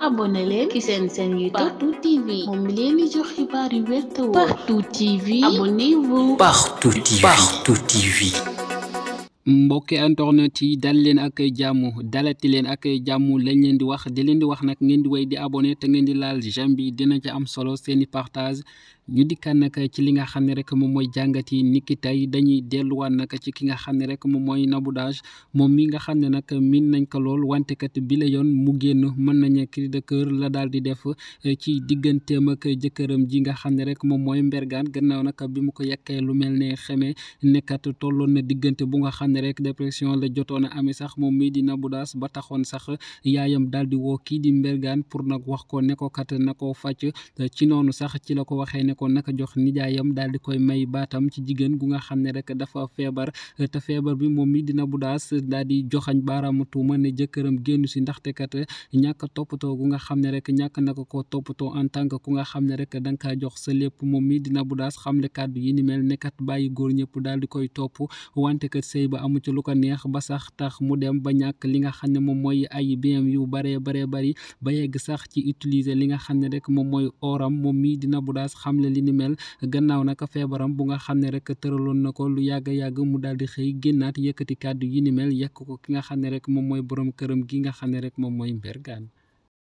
abonné leen ci seen seen YouTube Partout moom leen di jox xibaar yu wér te Partout TV abonnez-vous Partout TV Partout TV mbokki internet dal leen ak jàmm dalati leen ak jàmm lañ leen di wax di leen di wax nag ngeen di way di abonné te ngeen di laal j'aime bi dina ci am solo seeni partage ñu dikkaan nag ci li nga xam ne rek moom mooy jàngat yi niki tey dañuy delluwaat nag ci ki nga xam ne rek moom mooy Nabou moom mi nga xam ne nag min nañ ko lool wante kat bi la yoon mu génn mën nañu kii de cœur la daal di def eh, ci digganteem ak jëkkëram ji nga xam ne rek moom mooy mbergan gannaaw nag bi mu ko yekkee lu mel ne xeme nekkat tolloon na diggante bu nga xam ne rek dépression la jotoon a amee sax moom mii di Nabou Dash ba taxoon sax yaayam daal di woo kii di mbergan pour nag wax ko ne ko kat na ko fàcc eh, ci noonu sax ci la ko waxee ne ko naka jox nijaayam daal di koy may baatam ci jigéen gu nga xam ne rek dafa feebar te feebar bi moom mi dina bu daas daal di joxañ baaraamu tuuma ne jëkkëram génn si ndaxte kat ñàkk toppatoo gu nga xam ne rek ñàkk naka ko toppatoo en tant que ku nga xam ne rek da nga kaa jox sa lépp moom mi dina bu xam xamle kàddu yi ni mel nekkat bàyyi góor ñëpp dal di koy topp wante kat sëy ba amu ci lu ko neex ba sax tax mu dem ba ñàkk li nga xam ne moom mooy ay bi yu bare baree bari ba yegg sax ci utiliser li nga xam ne rek moom mooy oram linimel gannaaw nag feebaram bu nga xam ne rek tëraloon na ko lu yàgg-yàgg mu daal di xëy génnaat yëkkati kàddu yi ni yekk ko ki nga xam ne rek moom mooy borom këram gi nga xam ne rek moom mooy mbergaan